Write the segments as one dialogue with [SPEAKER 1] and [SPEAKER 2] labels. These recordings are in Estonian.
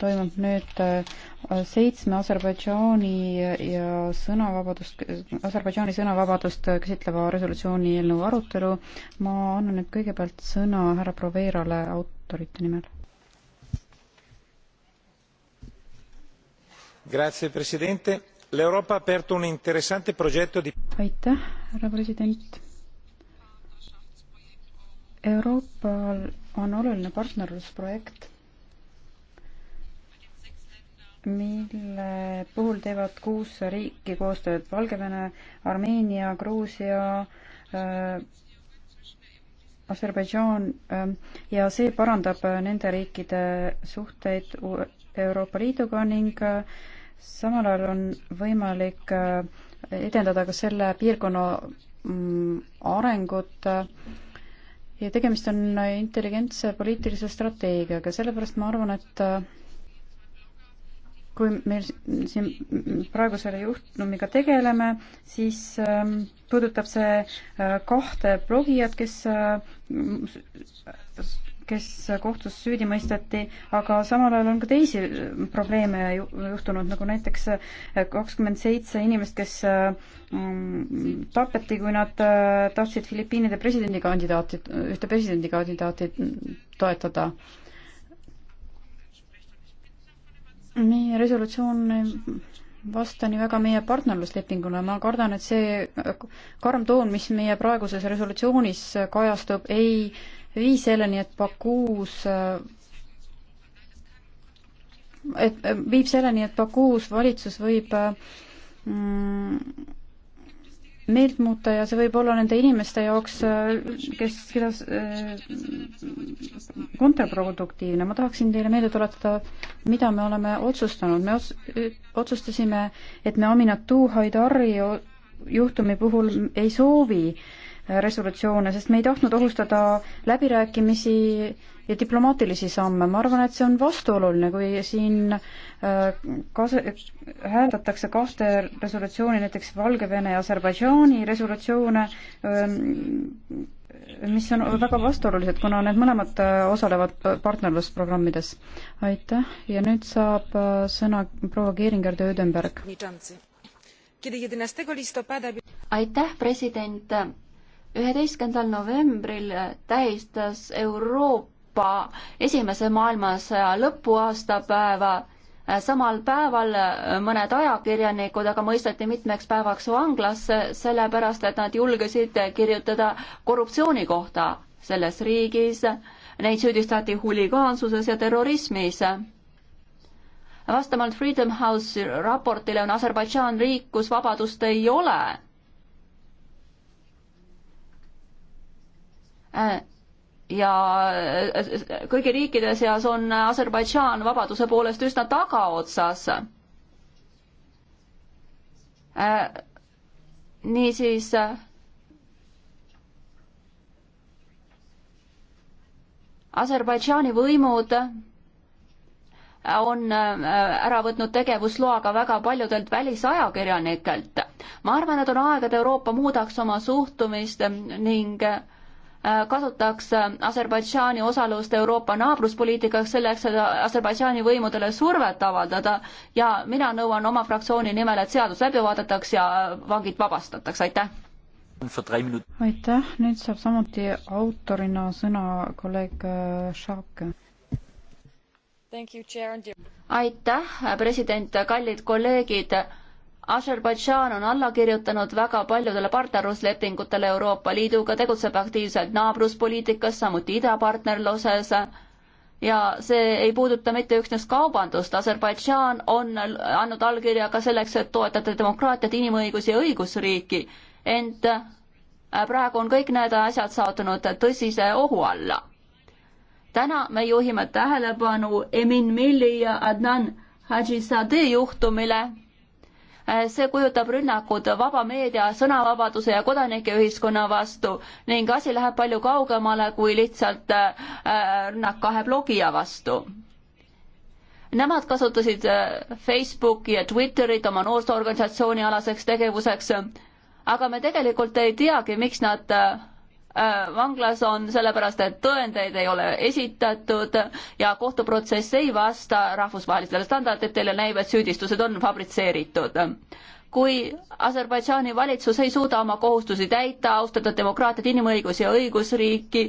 [SPEAKER 1] toimub nüüd äh, seitsme Aserbaidžaani ja sõnavabadust, Aserbaidžaani sõnavabadust käsitleva resolutsiooni eelnõu arutelu. ma annan nüüd kõigepealt sõna härra Proveerale autorite nimel. aitäh, härra president Euroopal on oluline partnerlusprojekt mille puhul teevad kuus riiki koostööd Valgevene, Armeenia, Gruusia äh,, Aserbaidžaan äh, ja see parandab nende riikide suhteid Euroopa Liiduga ning äh, samal ajal on võimalik äh, edendada ka selle piirkonna mm, arengut äh, ja tegemist on intelligentse poliitilise strateegiaga, sellepärast ma arvan, et äh, kui me siin praegu selle juhtumiga tegeleme, siis ähm, puudutab see äh, kahte blogijat, kes äh, kes kohtus süüdi mõisteti, aga samal ajal on ka teisi äh, probleeme juhtunud, nagu näiteks kakskümmend seitse inimest, kes mm, tapeti, kui nad tahtsid Filipiinide presidendikandidaati, ühte presidendikandidaati toetada meie resolutsioon vasta nii väga meie partnerluslepingule, ma kardan, et see karm toon, mis meie praeguses resolutsioonis kajastub, ei vii selleni, et Bakuus et viib selleni, et Bakuus valitsus võib mm, meelt muuta ja see võib olla nende inimeste jaoks, äh, kes, keda äh, kontraproduktiivne. ma tahaksin teile meelde tuletada, mida me oleme otsustanud. me ots-, otsustasime, et me Aminatu Haidari juhtumi puhul ei soovi äh, resolutsioone, sest me ei tahtnud ohustada läbirääkimisi ja diplomaatilisi samme. ma arvan, et see on vastuoluline, kui siin äh, kas-, hääldatakse kahte resolutsiooni, näiteks Valgevene ja Aserbaidžaani resolutsioone, ähm, mis on väga vastuolulised, kuna need mõlemad äh, osalevad äh, partnerlusprogrammides. aitäh ja nüüd saab sõna proua Keeringer de Ödenberg.
[SPEAKER 2] aitäh, president üheteistkümnendal novembril tähistas Euroopa Euroopa Esimese maailmasõja lõpuaastapäeva. samal päeval mõned ajakirjanikud aga mõisteti mitmeks päevaks vanglasse, sellepärast et nad julgesid kirjutada korruptsiooni kohta selles riigis. Neid süüdistati huligaansuses ja terrorismis vastavalt Freedom House raportile on Aserbaidžaan riik, kus vabadust ei ole ja äh, kõigi riikide seas on Aserbaidžaan vabaduse poolest üsna tagaotsas. Äh, niisiis äh, Aserbaidžaani võimud on ära võtnud tegevusloaga väga paljudelt välisajakirjanikelt. ma arvan, et on aeg, et Euroopa muudaks oma suhtumist ning äh, Äh, kasutaks äh, Aserbaidžaani osalust Euroopa naabruspoliitikas selleks, et Aserbaidžaani võimudele survet avaldada ja mina nõuan oma fraktsiooni nimel, et seadus läbi vaadataks ja äh, vangid vabastataks, aitäh!
[SPEAKER 1] aitäh, nüüd saab samuti autorina sõna kolleeg Šaake.
[SPEAKER 2] aitäh, president, kallid kolleegid Aserbaidžaan on alla kirjutanud väga paljudele partnerluslepingutele Euroopa Liiduga, tegutseb aktiivselt naabruspoliitikas, samuti idapartnerluses ja see ei puuduta mitte üksnes kaubandust, Aserbaidžaan on andnud allkirja ka selleks, et toetada demokraatiat, inimõigusi ja õigusriiki, ent äh, praegu on kõik need asjad sattunud tõsise ohu alla. täna me juhime tähelepanu Emin Milli ja Adnan Hadžisade juhtumile Äh, see kujutab rünnakut vaba meedia, sõnavabaduse ja kodanikeühiskonna vastu ning asi läheb palju kaugemale kui lihtsalt äh, rünnak kahe blogija vastu. Nemad kasutasid äh, Facebooki ja Twitterit oma noorsoorganisatsiooni alaseks tegevuseks, aga me tegelikult ei teagi, miks nad Äh, vanglas on sellepärast, et tõendeid ei ole esitatud ja kohtuprotsess ei vasta rahvusvahelistele standarditele, näib, et süüdistused on fabritseeritud. kui Aserbaidžaani valitsus ei suuda oma kohustusi täita, austada demokraatiat, inimõigusi ja õigusriiki,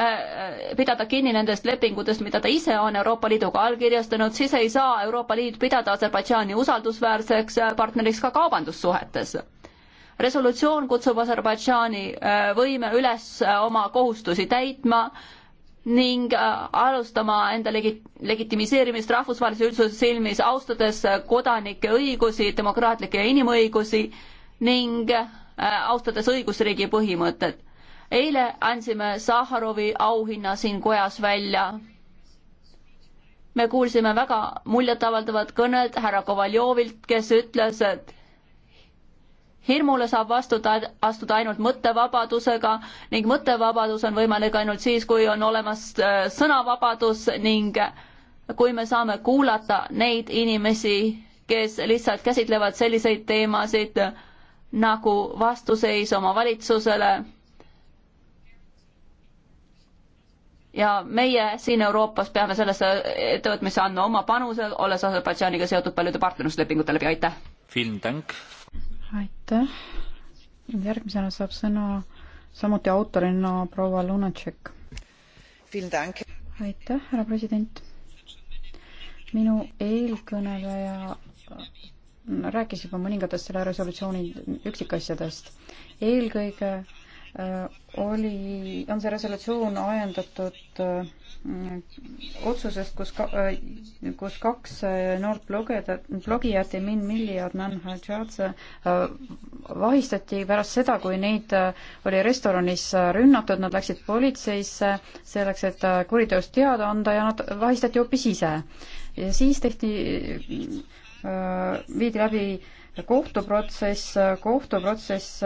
[SPEAKER 2] äh, pidada kinni nendest lepingutest, mida ta ise on Euroopa Liiduga allkirjastanud, siis ei saa Euroopa Liit pidada Aserbaidžaani usaldusväärseks partneriks ka kaubandussuhetes resolutsioon kutsub Aserbaidžaani äh, võime üles äh, oma kohustusi täitma ning äh, alustama enda legi-, legitimiseerimist rahvusvahelise üldsuse silmis, austades kodanike õigusi, demokraatlikke ja inimõigusi ning austades õigusriigi põhimõtet. eile andsime Saharovi auhinna siin kojas välja. me kuulsime väga muljetavaldavat kõnet härra Kovaljovilt, kes ütles, et hirmule saab vastuda, astuda ainult mõttevabadusega ning mõttevabadus on võimalik ainult siis, kui on olemas äh, sõnavabadus ning kui me saame kuulata neid inimesi, kes lihtsalt käsitlevad selliseid teemasid nagu vastuseis oma valitsusele. ja meie siin Euroopas peame sellesse ettevõtmisse andma oma panuse, olles Aserbaidžaaniga seotud paljude partnerluslepingute läbi, aitäh!
[SPEAKER 1] aitäh. järgmisena saab sõna samuti autorina proua Lunatšek.
[SPEAKER 3] aitäh,
[SPEAKER 1] härra president. minu eelkõneleja äh, rääkis juba mõningatest selle resolutsiooni üksikasjadest. eelkõige äh, oli, on see resolutsioon ajendatud äh, otsusest, kus ka,, äh, kus kaks äh, noort blogijat, blogijat, Emin Milli ja Adnan Hajjaz äh, vahistati pärast seda, kui neid oli restoranis rünnatud, nad läksid politseisse selleks, et kuriteost teada anda ja nad vahistati hoopis ise. ja siis tehti, viidi läbi äh, kohtuprotsess, kohtuprotsess,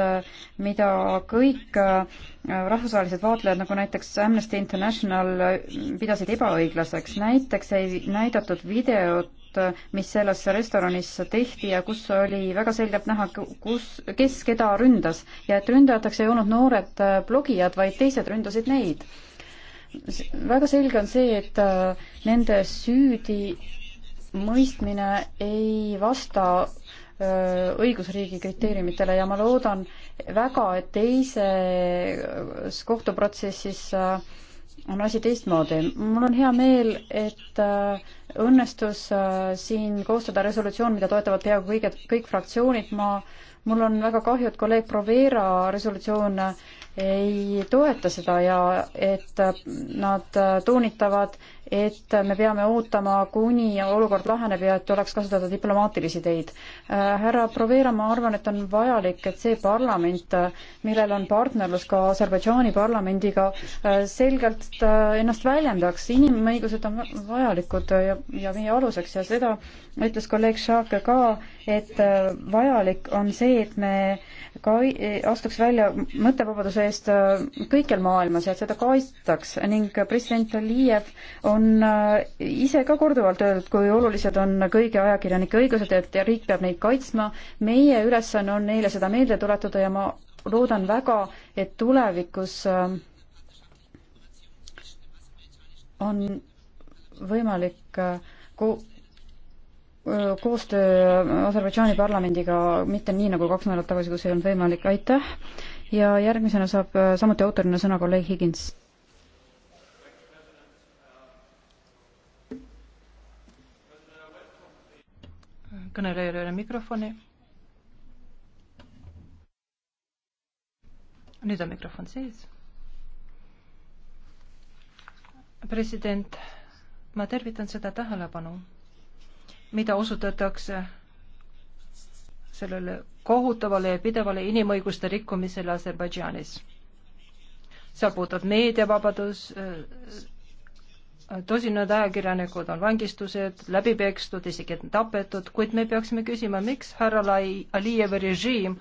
[SPEAKER 1] mida kõik äh, rahvusvahelised vaatlejad, nagu näiteks Amnesty International, pidasid ebaõiglaseks. näiteks ei näidatud videot, mis selles restoranis tehti ja kus oli väga selgelt näha, kus, kes keda ründas ja et ründajateks ei olnud noored äh, blogijad, vaid teised ründasid neid. väga selge on see, et äh, nende süüdi mõistmine ei vasta Äh, õigusriigi kriteeriumitele ja ma loodan väga, et teises kohtuprotsessis äh, on asi teistmoodi. mul on hea meel, et äh, õnnestus siin koostada resolutsioon, mida toetavad peaaegu kõige, kõik fraktsioonid. ma, mul on väga kahju, et kolleeg Provera resolutsioon ei toeta seda ja et nad toonitavad, et me peame ootama, kuni olukord laheneb ja et oleks kasutada diplomaatilisi teid. Äh, härra Provera, ma arvan, et on vajalik, et see parlament, millel on partnerlus ka Aserbaidžaani parlamendiga, äh, selgelt äh, ennast väljendaks, inimõigused on vajalikud ja, ja meie aluseks ja seda ütles kolleeg Šaake ka, et vajalik on see, et me ka astuks välja mõttevabaduse eest kõikjal maailmas ja et seda kaitstaks ning president Aliyev on on äh, ise ka korduvalt öeldud, kui olulised on kõigi ajakirjanike õigused, et riik peab neid kaitsma. meie ülesanne on neile seda meelde tuletada ja ma loodan väga, et tulevikus äh, on võimalik äh, ko koostöö Aserbaidžaani parlamendiga mitte nii nagu kaks nädalat tagasi, kus ei olnud võimalik, aitäh. ja järgmisena saab samuti autorina sõna kolleeg Higins
[SPEAKER 3] kõnelejal ei ole mikrofoni. nüüd on mikrofon sees. president, ma tervitan seda tähelepanu, mida osutatakse sellele kohutavale ja pidevale inimõiguste rikkumisele Aserbaidžaanis. seal puudub meediavabadus, tosinad ajakirjanikud on vangistused, läbi pekstud, isegi tapetud, kuid me peaksime küsima, miks härra Lai-, Alijevi režiim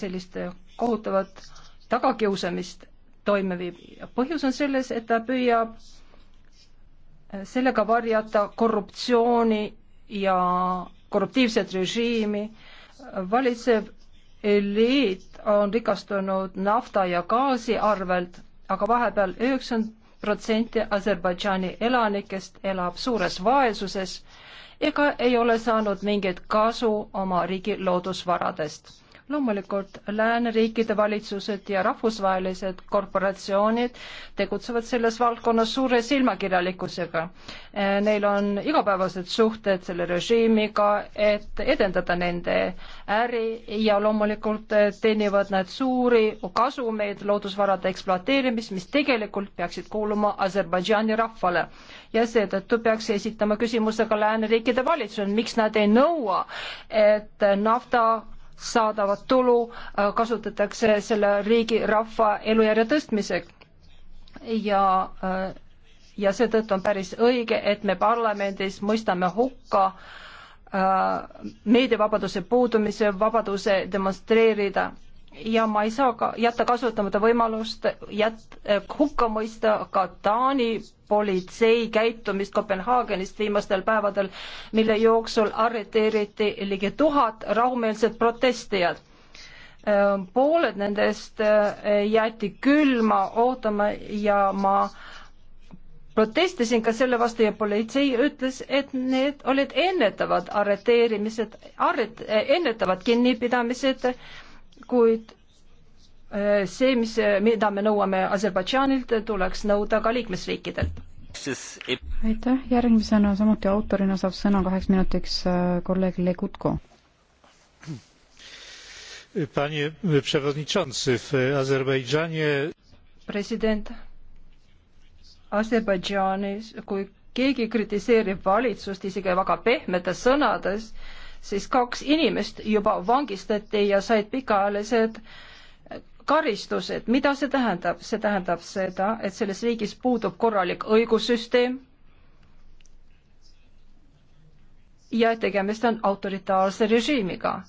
[SPEAKER 3] sellist kohutavat tagakiusamist toime viib. põhjus on selles, et ta püüab sellega varjata korruptsiooni ja korruptiivset režiimi, valitsev eliit on rikastunud nafta ja gaasi arvelt, aga vahepeal üheksakümmend protsenti Aserbaidžaani elanikest elab suures vaesuses ega ei ole saanud mingit kasu oma riigi loodusvaradest loomulikult lääneriikide valitsused ja rahvusvahelised korporatsioonid tegutsevad selles valdkonnas suure silmakirjalikkusega. Eh, neil on igapäevased suhted selle režiimiga, et edendada nende äri ja loomulikult eh, teenivad nad suuri kasumeid loodusvarade ekspluateerimist, mis tegelikult peaksid kuuluma Aserbaidžaani rahvale. ja seetõttu peaks esitama küsimuse ka lääneriikide valitsusele, miks nad ei nõua, et nafta saadavat tulu äh, kasutatakse selle riigi rahva elujärje tõstmiseks. ja, äh, ja seetõttu on päris õige, et me parlamendis mõistame hukka äh, meediavabaduse puudumise, vabaduse demonstreerida ja ma ei saa ka jätta kasutamata võimalust jät-, eh, hukka mõista ka Taani politsei käitumist Kopenhaagenist viimastel päevadel, mille jooksul arreteeriti ligi tuhat rahumeelset protestijat. Eh, pooled nendest eh, jäeti külma ootama ja ma protestisin ka selle vastu ja politsei ütles, et need olid ennetavad arreteerimised, arret-, ennetavad kinnipidamised äh, kuid eh, see, mis, eh, mida me nõuame Aserbaidžaanilt, tuleks nõuda ka liikmesriikidelt.
[SPEAKER 1] aitäh, järgmisena samuti autorina saab sõna kaheks minutiks eh, kolleeg Legutko.
[SPEAKER 4] Panie przewodniczący, w Aserbaidżanie
[SPEAKER 1] president
[SPEAKER 3] Aserbaidžaanis, kui keegi kritiseerib valitsust isegi väga pehmetes sõnades, siis kaks inimest juba vangistati ja said pikaajalised karistused. mida see tähendab? see tähendab seda, et selles riigis puudub korralik õigussüsteem ja tegemist on autoritaarse režiimiga.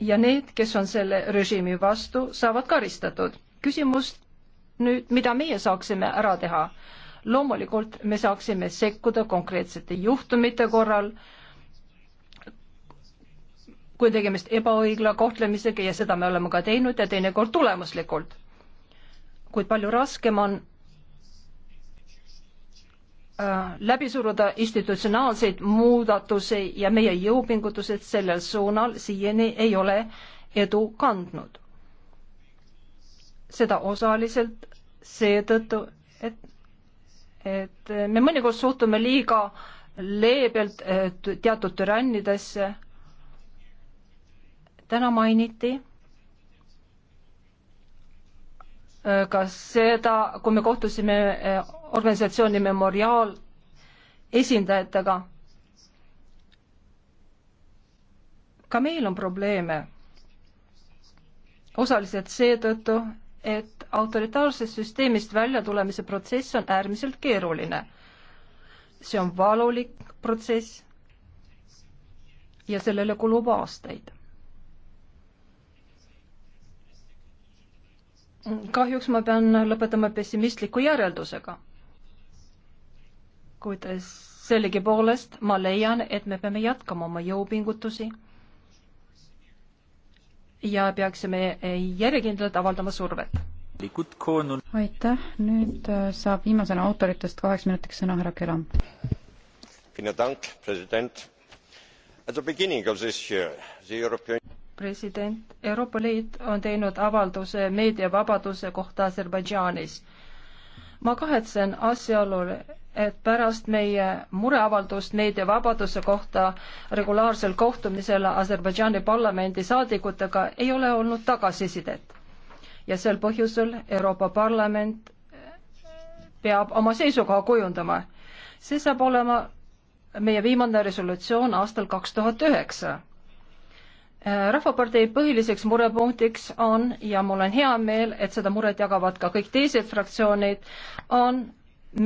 [SPEAKER 3] ja need, kes on selle režiimi vastu, saavad karistatud. küsimus nüüd, mida meie saaksime ära teha? loomulikult me saaksime sekkuda konkreetsete juhtumite korral, kui tegemist ebaõigla kohtlemisega ja seda me oleme ka teinud ja teinekord tulemuslikult. kuid palju raskem on äh, läbi suruda institutsionaalseid muudatusi ja meie jõupingutused sellel suunal siiani ei ole edu kandnud. seda osaliselt seetõttu, et et me mõnikord suhtume liiga leebelt eh, teatud türannidesse. täna mainiti eh, ka seda, kui me kohtusime eh, organisatsiooni Memoriaal esindajatega. ka meil on probleeme osaliselt seetõttu, et autoritaarsest süsteemist välja tulemise protsess on äärmiselt keeruline. see on valulik protsess ja sellele kulub aastaid. kahjuks ma pean lõpetama pessimistliku järeldusega. kuid sellegipoolest ma leian, et me peame jätkama oma jõupingutusi ja peaksime
[SPEAKER 1] järjekindlalt avaldama survet. aitäh, nüüd äh, saab viimasena autoritest kaheks minutiks sõna härra Kelam.
[SPEAKER 3] president, Euroopa Liit on teinud avalduse meediavabaduse kohta Aserbaidžaanis ma kahetsen asjaolul, et pärast meie mureavaldust meediavabaduse kohta regulaarsel kohtumisel Aserbaidžaani parlamendi saadikutega ei ole olnud tagasisidet. ja sel põhjusel Euroopa Parlament peab oma seisukoha kujundama. see saab olema meie viimane resolutsioon aastal kaks tuhat üheksa rahvapartei põhiliseks murepunktiks on ja mul on hea meel, et seda muret jagavad ka kõik teised fraktsioonid, on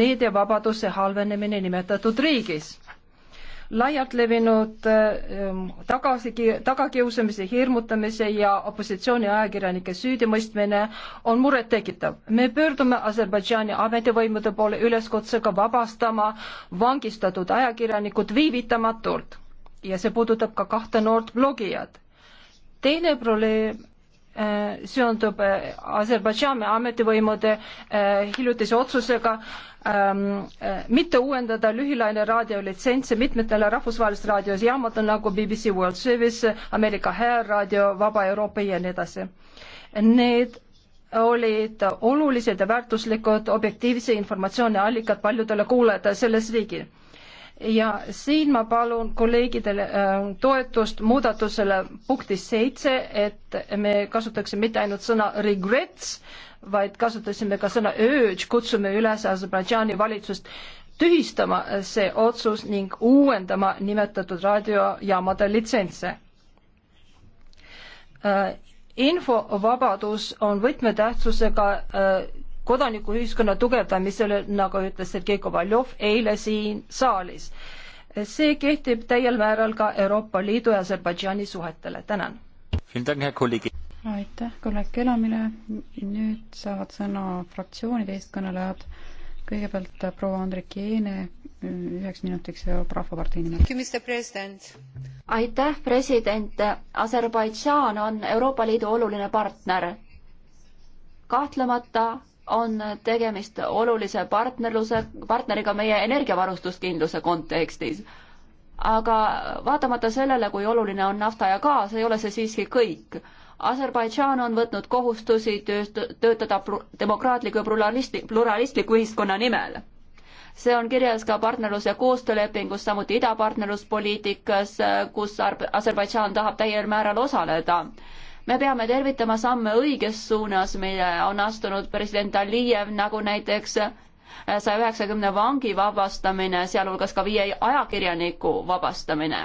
[SPEAKER 3] meediavabaduse halvenemine nimetatud riigis. laialt levinud ähm, tagasi, tagakiusamise, hirmutamise ja opositsiooni ajakirjanike süüdimõistmine on murettekitav. me pöördume Aserbaidžaani ametivõimude poole üleskutsega vabastama vangistatud ajakirjanikud viivitamatult ja see puudutab ka kahte noort blogijat teine probleem äh, seondub äh, Aserbaidžaani ametivõimude äh, hiljutise otsusega ähm, mitte uuendada lühilaine raadiolitsentse mitmetele rahvusvahelistele raadiojaamadele nagu BBC World Service, Ameerika Hääl raadio, Vaba Euroopa ja nii edasi. Need olid olulised ja väärtuslikud objektiivse informatsiooni allikad paljudele kuulajatele selles riigis ja siin ma palun kolleegidele äh, toetust muudatusele punktis seitse, et me kasutaksime mitte ainult sõna regrets, vaid kasutasime ka sõna urge, kutsume üles Aserbaidžaani valitsust tühistama see otsus ning uuendama nimetatud raadiojaamade litsentse. Äh, infovabadus on võtmetähtsusega äh, kodanikuühiskonna tugevdamisele, nagu ütles Sergei Kovaljov eile siin saalis. see kehtib täiel määral ka Euroopa Liidu ja Aserbaidžaani suhetele, tänan.
[SPEAKER 1] aitäh kolleeg Kelamile, nüüd saavad sõna fraktsioonide eestkõnelejad, kõigepealt proua Andrek Jeene üheks minutiks Rahvapartei nimel.
[SPEAKER 2] aitäh, president. Aserbaidžaan on Euroopa Liidu oluline partner. kahtlemata on tegemist olulise partnerluse, partneriga meie energiavarustuskindluse kontekstis. aga vaatamata sellele, kui oluline on nafta ja gaas, ei ole see siiski kõik. Aserbaidžaan on võtnud kohustusi tööst-, töötada demokraatliku ja pluralisti, pluralistliku ühiskonna nimel. see on kirjas ka partnerlus- ja koostöölepingus, samuti idapartnerluspoliitikas, kus Aserbaidžaan tahab täiel määral osaleda me peame tervitama samme õiges suunas, mille on astunud president Aliyev, nagu näiteks äh, saja üheksakümne vangi vabastamine, sealhulgas ka viie ajakirjaniku vabastamine.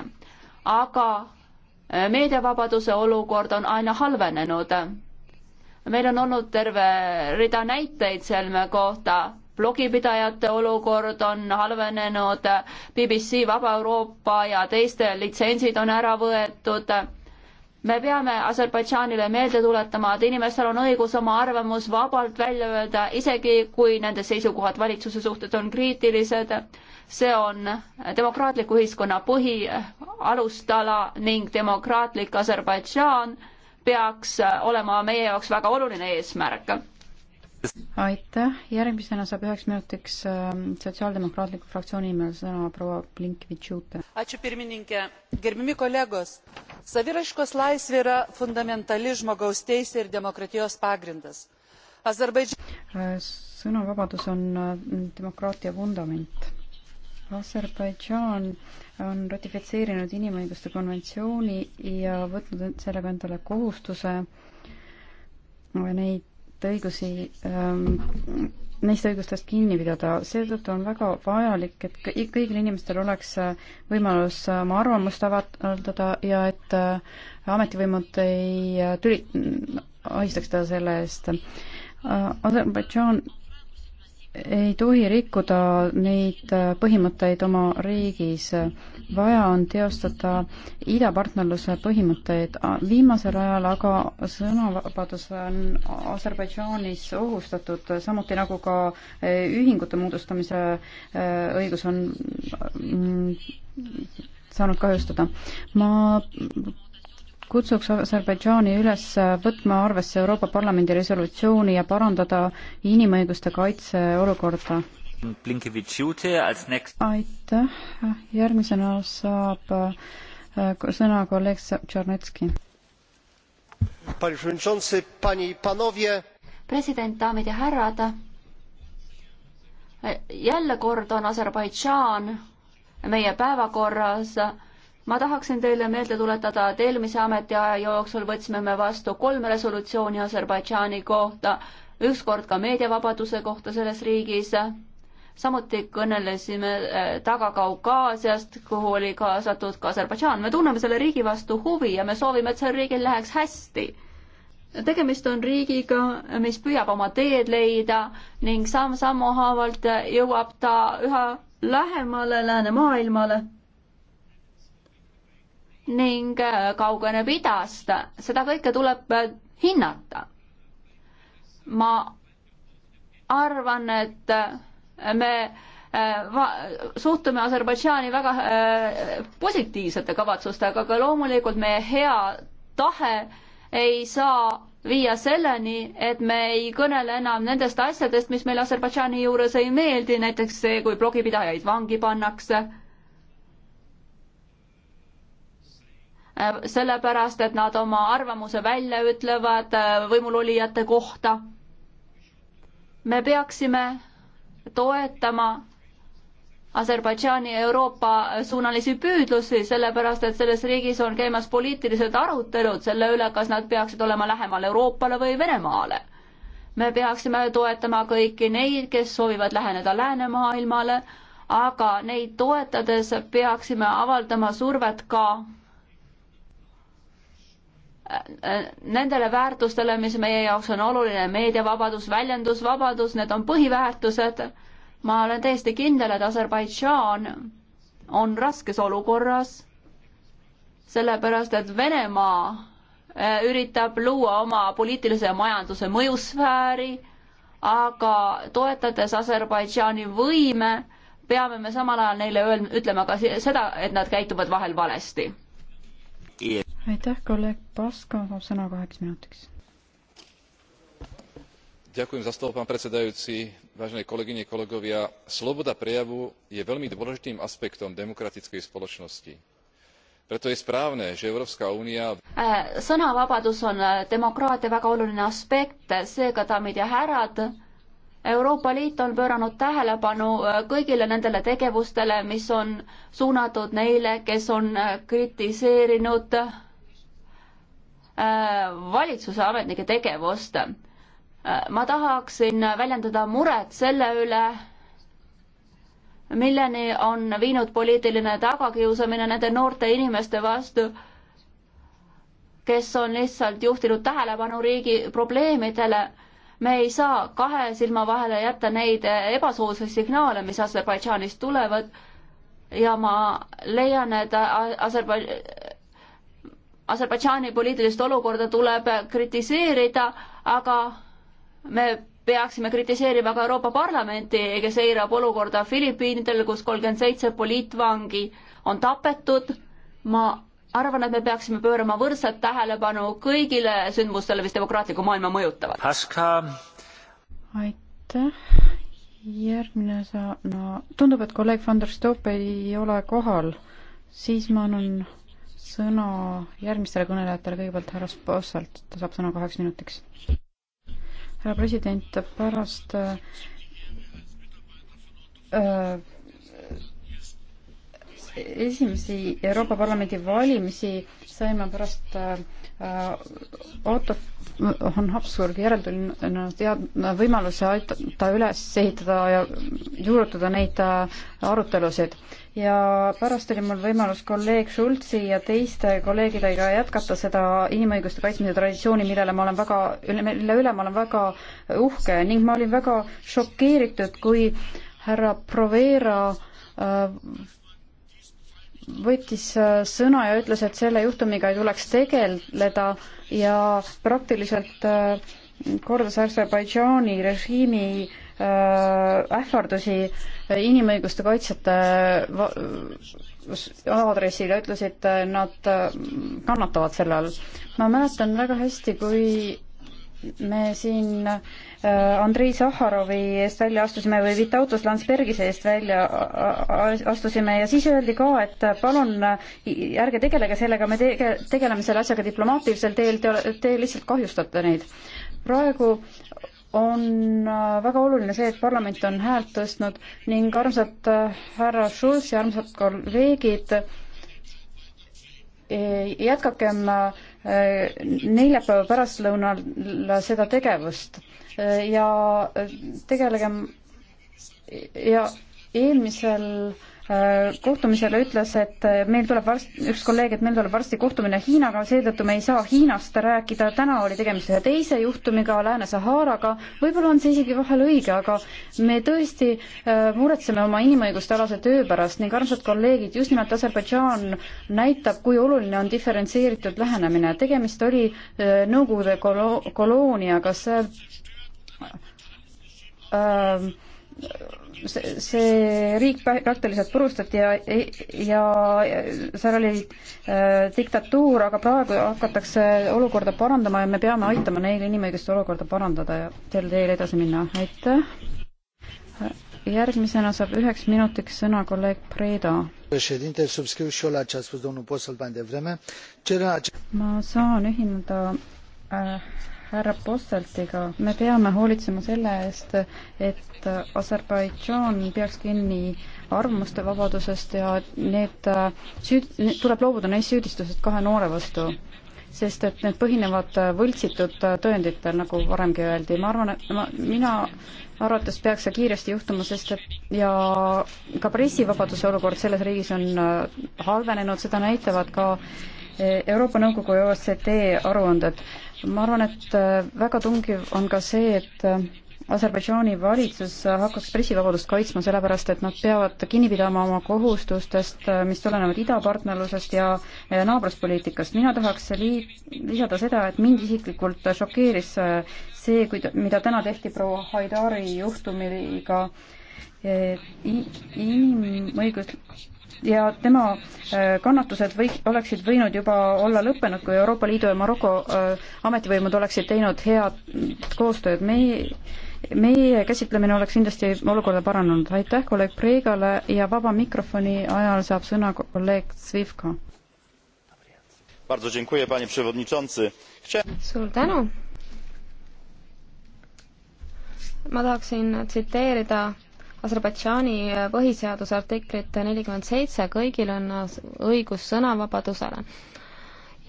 [SPEAKER 2] aga äh, meediavabaduse olukord on aina halvenenud. meil on olnud terve rida näiteid selle kohta, blogipidajate olukord on halvenenud, äh, BBC, Vaba Euroopa ja teiste litsentsid on ära võetud me peame Aserbaidžaanile meelde tuletama, et inimestel on õigus oma arvamus vabalt välja öelda, isegi kui nende seisukohad valitsuse suhtes on kriitilised. see on demokraatliku ühiskonna põhialustala ning demokraatlik Aserbaidžaan peaks olema meie jaoks väga oluline eesmärk
[SPEAKER 1] aitäh, järgmisena saab üheks minutiks äh, Sotsiaaldemokraatliku fraktsiooni nimel sõna proua Blinkvitšute.
[SPEAKER 3] saviraiškos laisvė yra fundamentali žmogaus teisė ir demokratijos pagrindas. Äh,
[SPEAKER 1] sõnavabadus on äh, demokraatia vundament. Aserbaidžaan on ratifitseerinud inimõiguste konventsiooni ja võtnud sellega endale kohustuse neid inimeste õigusi ähm, neist õigustest kinni pidada, seetõttu on väga vajalik, et kõigil inimestel oleks äh, võimalus äh, oma arvamust avaldada ja et äh, ametivõimud ei tüli-, ahistaks teda selle eest. Aserbaidžaan ei tohi rikkuda neid äh, põhimõtteid oma riigis. vaja on teostada idapartnerluse põhimõtteid. viimasel ajal aga sõnavabadus on Aserbaidžaanis ohustatud, samuti nagu ka äh, ühingute moodustamise äh, õigus on mm, saanud kahjustada. ma kutsuks Aserbaidžaani üles võtma arvesse Euroopa Parlamendi resolutsiooni ja parandada inimõiguste kaitse olukorda. aitäh, järgmisena saab äh, sõna kolleeg Tšarnetski. president, daamid ja härrad,
[SPEAKER 2] jälle kord on Aserbaidžaan meie päevakorras ma tahaksin teile meelde tuletada, et eelmise ametiaja jooksul võtsime me vastu kolm resolutsiooni Aserbaidžaani kohta, ükskord ka meediavabaduse kohta selles riigis. samuti kõnelesime eh, taga Kaukaasiast, kuhu oli kaasatud ka Aserbaidžaan. me tunneme selle riigi vastu huvi ja me soovime, et sellel riigil läheks hästi tegemist on riigiga, mis püüab oma teed leida ning samm-sammu haavalt jõuab ta üha lähemale läänemaailmale ning äh, kaugeneb idast, seda kõike tuleb äh, hinnata. ma arvan, et äh, me va-, suhtume Aserbaidžaani väga äh, positiivsete kavatsustega, aga loomulikult meie hea tahe ei saa viia selleni, et me ei kõnele enam nendest asjadest, mis meile Aserbaidžaani juures ei meeldi, näiteks see, kui blogipidajaid vangi pannakse äh,, Äh, sellepärast et nad oma arvamuse välja ütlevad äh, võimulolijate kohta. me peaksime toetama Aserbaidžaani Euroopa suunalisi püüdlusi, sellepärast et selles riigis on käimas poliitilised arutelud selle üle, kas nad peaksid olema lähemal Euroopale või Venemaale. me peaksime toetama kõiki neid, kes soovivad läheneda läänemaailmale, aga neid toetades peaksime avaldama survet ka nendele väärtustele, mis meie jaoks on oluline, meediavabadus, väljendusvabadus, need on põhiväärtused. ma olen täiesti kindel, et Aserbaidžaan on raskes olukorras, sellepärast et Venemaa eh, üritab luua oma poliitilise ja majanduse mõjusfääri, aga toetades Aserbaidžaani võime, peame me samal ajal neile öel-, ütlema ka seda, et nad käituvad vahel valesti
[SPEAKER 1] aitäh, kolleeg Paska, sõna kaheks minutiks.
[SPEAKER 2] Ďakujem za slovo, pán predsedajúci. Vážené kolegyne, kolegovia, sloboda prejavu je veľmi dôležitým aspektom demokratickej spoločnosti preto je správne, že Európska únia... Äh, sõnavabadus on äh, demokraatia väga oluline aspekt, seega daamid ja härrad, Euroopa Liit on pööranud tähelepanu äh, kõigile nendele tegevustele, mis on suunatud neile, kes on kritiseerinud Äh, valitsuse ametnike tegevust. Äh, ma tahaksin väljendada muret selle üle, milleni on viinud poliitiline tagakiusamine nende noorte inimeste vastu, kes on lihtsalt juhtinud tähelepanu riigi probleemidele me ei saa kahe silma vahele jätta neid ebasoodsaid signaale, mis Aserbaidžaanist tulevad ja ma leian, et Aserbaidžaan Aserbaidžaani poliitilist olukorda tuleb kritiseerida, aga me peaksime kritiseerima ka Euroopa Parlamenti, kes eirab olukorda Filipiinidel, kus kolmkümmend seitse poliitvangi on tapetud. ma arvan, et me peaksime pöörama võrdset tähelepanu kõigile sündmustele, mis demokraatlikku maailma
[SPEAKER 3] mõjutavad.
[SPEAKER 1] aitäh, järgmine sa, no tundub, et kolleeg Van der Stoop ei ole kohal, siis ma annan sõna järgmistele kõnelejatele, kõigepealt härra Spossalt, ta saab sõna kaheks minutiks. härra president, pärast äh, äh esimesi Euroopa Parlamendi valimisi sain ma pärast äh, Otto von Habsburgi järeltulina tead-, võimaluse aidata üles ehitada ja juurutada neid äh, arutelusid. ja pärast oli mul võimalus kolleeg Schultzi ja teiste kolleegidega jätkata seda inimõiguste kaitsmise traditsiooni, millele ma olen väga, mille üle ma olen väga uhke ning ma olin väga šokeeritud, kui härra Provera äh, võttis äh, sõna ja ütles, et selle juhtumiga ei tuleks tegeleda ja praktiliselt äh, kordas Aserbaidžaani režiimi äh, ähvardusi inimõiguste kaitsjate aadressil ja ütles, et nad kannatavad selle all. ma mäletan väga hästi, kui me siin äh, Andrei Sahharovi eest välja astusime või Vitautas Landsbergise eest välja astusime ja siis öeldi ka, et palun äh, ärge tegelege sellega, me tege-, tegeleme selle asjaga diplomaatilisel teel, te, te lihtsalt kahjustate neid. praegu on äh, väga oluline see, et parlament on häält tõstnud ning armsad härra Schulz ja armsad kolleegid, jätkakem äh, neljapäeva pärastlõunal seda tegevust ja tegelegem ja eelmisel Äh, kohtumisel ütles, et äh, meil tuleb varsti, üks kolleeg, et meil tuleb varsti kohtumine Hiinaga, seetõttu me ei saa Hiinast rääkida, täna oli tegemist ühe teise juhtumiga, Lääne-Saharaga, võib-olla on see isegi vahel õige, aga me tõesti äh, muretseme oma inimõiguste alase töö pärast ning armsad kolleegid, just nimelt Aserbaidžaan näitab, kui oluline on diferentseeritud lähenemine, tegemist oli Nõukogude kolo-, kolooniaga, see äh, see riik praktiliselt purustati ja, ja seal oli äh, diktatuur, aga praegu hakatakse olukorda parandama ja me peame aitama neil inimõiguste olukorda parandada ja sel teel edasi minna. aitäh. järgmisena saab üheks minutiks sõna kolleeg Preda. ma saan ühineda äh, härra Posseltiga, me peame hoolitsema selle eest, et Aserbaidžaan peaks kinni arvamuste vabadusest ja need süüd-, tuleb loobuda neist süüdistusest kahe noore vastu. sest et need põhinevad võltsitud tõenditel, nagu varemgi öeldi, ma arvan, et ma, mina arvates peaks see kiiresti juhtuma, sest et ja ka pressivabaduse olukord selles riigis on äh, halvenenud, seda näitavad ka äh, Euroopa Nõukogu ja OECD aruanded ma arvan, et äh, väga tungiv on ka see, et äh, Aserbaidžaani valitsus äh, hakkas pressivabadust kaitsma, sellepärast et nad peavad kinni pidama oma kohustustest, mis tulenevad idapartnerlusest ja naabruspoliitikast. mina tahaks liit-, lisada seda, et mind isiklikult šokeeris see, kuid-, mida täna tehti proua Haidari juhtumiga inimõigus-, ja tema äh, kannatused või, oleksid võinud juba olla lõppenud, kui Euroopa Liidu ja Maroko äh, ametivõimud oleksid teinud head koostööd. meie, meie käsitlemine oleks kindlasti olukorda paranenud. aitäh kolleeg Preigale ja vaba mikrofoni ajal saab sõna kolleeg Zvivka.
[SPEAKER 4] suur tänu. ma tahaksin tsiteerida Aserbaidžaani põhiseaduse artiklit nelikümmend seitse, kõigil on õigus sõnavabadusele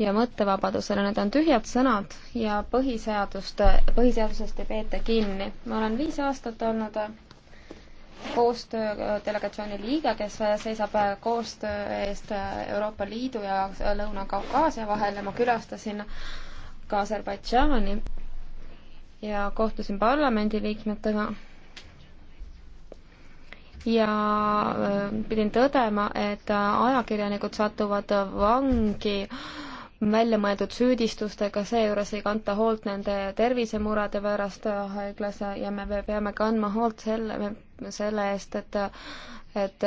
[SPEAKER 4] ja mõttevabadusele, need on tühjad sõnad ja põhiseadust, põhiseadusest ei peeta kinni. ma olen viis aastat olnud koostöö delegatsiooni liige, kes seisab koostöö eest Euroopa Liidu ja Lõuna-Kaukaasia vahel ja ma külastasin ka Aserbaidžaani ja kohtusin parlamendiliikmetega ja äh, pidin tõdema, et äh, ajakirjanikud satuvad vangi väljamõeldud süüdistustega, seejuures ei kanta hoolt nende tervisemurede pärast äh, haiglas ja me peame kandma hoolt selle, selle eest, et et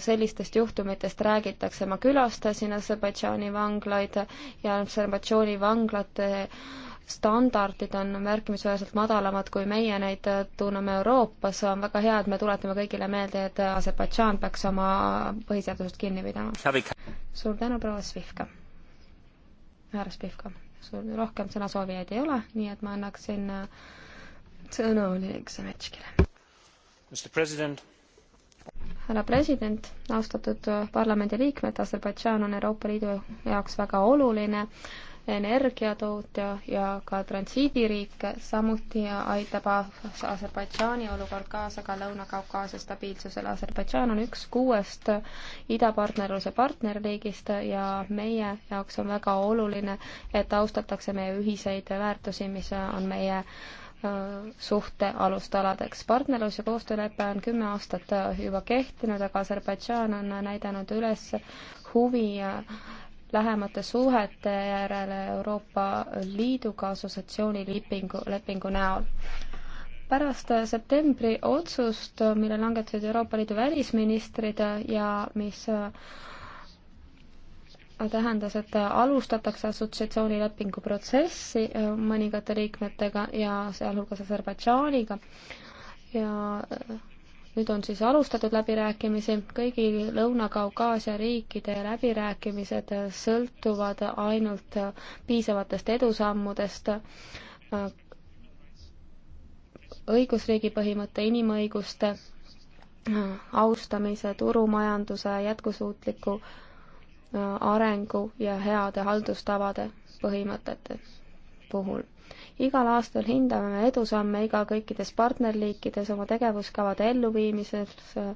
[SPEAKER 4] sellistest juhtumitest räägitakse. ma külastasin Aserbaidžaani vanglaid ja Aserbaidžaani vanglate standardid on märkimisväärselt madalamad, kui meie neid tunneme Euroopas, on väga hea, et me tuletame kõigile meelde, et Aserbaidžaan peaks oma põhiseadusest kinni pidama. suur tänu, proua Svihka. härra Svihka, sul rohkem sõnasoovijaid ei ole, nii et ma annaksin äh, sõna Oleg Sametškile. härra president, austatud äh, parlamendiliikmed, Aserbaidžaan on Euroopa Liidu jaoks väga oluline energiatootja ja ka transiidiriike, samuti aitab Aserbaidžaani olukord kaasa ka Lõuna-Kaukaasia stabiilsusele. Aserbaidžaan on üks kuuest idapartnerluse partnerriigist ja meie jaoks on väga oluline, et austatakse meie ühiseid väärtusi, mis on meie suhte alustaladeks. partnerlus- ja koostöölepe on kümme aastat juba kehtinud, aga Aserbaidžaan on näidanud üles huvi lähemate suhete järele Euroopa Liiduga assotsiatsiooni lepingu, lepingu näol. pärast septembri otsust, mille langetasid Euroopa Liidu välisministrid ja mis äh, tähendas, et alustatakse assotsiatsioonilepingu protsessi äh, mõningate liikmetega ja sealhulgas Aserbaidžaaniga ja äh, nüüd on siis alustatud läbirääkimisi, kõigi Lõuna-Kaukaasia riikide läbirääkimised sõltuvad ainult piisavatest edusammudest, õigusriigi põhimõtte, inimõiguste austamise, turumajanduse jätkusuutliku arengu ja heade haldustavade põhimõtete puhul. igal aastal hindame me edusamme iga kõikides partnerliikides oma tegevuskavade elluviimises äh,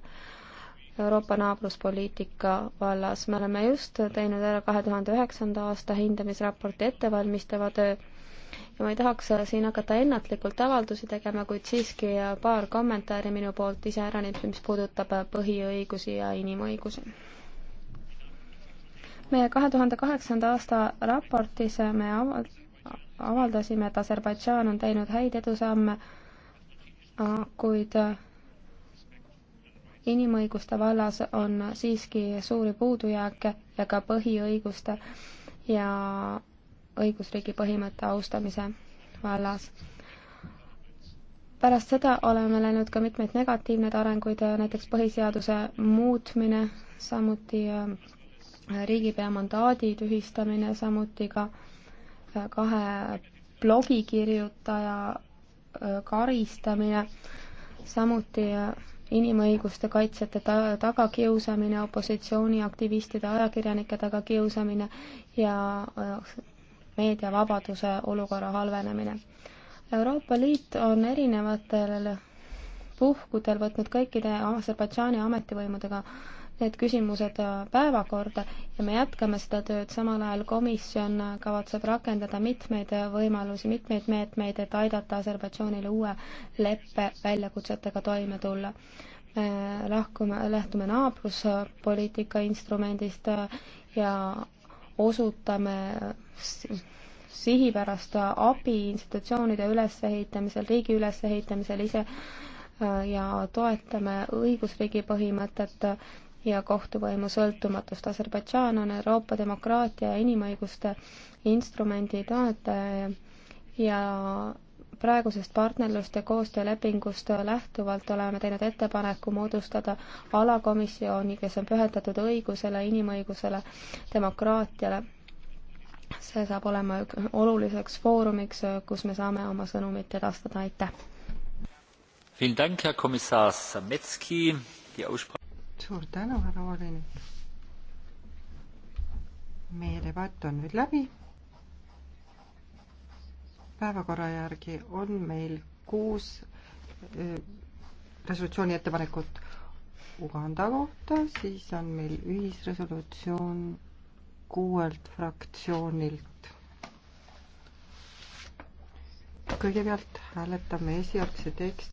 [SPEAKER 4] Euroopa naabruspoliitika vallas. me oleme just teinud ära kahe tuhande üheksanda aasta hindamisraporti ettevalmistava töö ja ma ei tahaks äh, siin hakata ennatlikult avaldusi tegema, kuid siiski äh, paar kommentaari minu poolt iseäranis, mis puudutab põhiõigusi ja inimõigusi. meie kahe tuhande kaheksanda aasta raportis me avald-, avaldasime, et Aserbaidžaan on teinud häid edusamme, kuid äh, inimõiguste vallas on siiski suuri puudujääke ja ka põhiõiguste ja õigusriigi põhimõtte austamise vallas pärast seda oleme läinud ka mitmeid negatiivneid arenguid, äh, näiteks põhiseaduse muutmine, samuti äh, riigipea mandaadi tühistamine, samuti ka kahe blogikirjutaja äh, karistamine, samuti äh, inimõiguste kaitsjate ta tagakiusamine, opositsiooniaktivistide, ajakirjanike tagakiusamine ja äh, meediavabaduse olukorra halvenemine. Euroopa Liit on erinevatel puhkudel võtnud kõikide Aserbaidžaani ametivõimudega need küsimused äh, päevakorda ja me jätkame seda tööd, samal ajal komisjon kavatseb rakendada mitmeid äh, võimalusi, mitmeid meetmeid, et aidata Aserbaidžaanile uue leppe väljakutsetega toime tulla. me lahkume, lähtume naabruspoliitika instrumendist äh, ja osutame sihipärast abi institutsioonide ülesehitamisel, riigi ülesehitamisel ise ja toetame õigusriigi põhimõtet ja kohtuvõimu sõltumatust. Aserbaidžaan on Euroopa demokraatia ja inimõiguste instrumendi toetaja ja praegusest partnerlust ja koostöölepingust lähtuvalt oleme teinud ettepaneku moodustada alakomisjoni, kes on pühendatud õigusele, inimõigusele, demokraatiale. see saab olema oluliseks foorumiks, kus me saame oma sõnumit edastada, aitäh!
[SPEAKER 3] suur tänu, härra Volinik. meie debatt on nüüd läbi. päevakorra järgi on meil kuus eh, resolutsiooni ettepanekut Uganda kohta, siis on meil ühisresolutsioon kuuelt fraktsioonilt. kõigepealt hääletame esialgse teksti.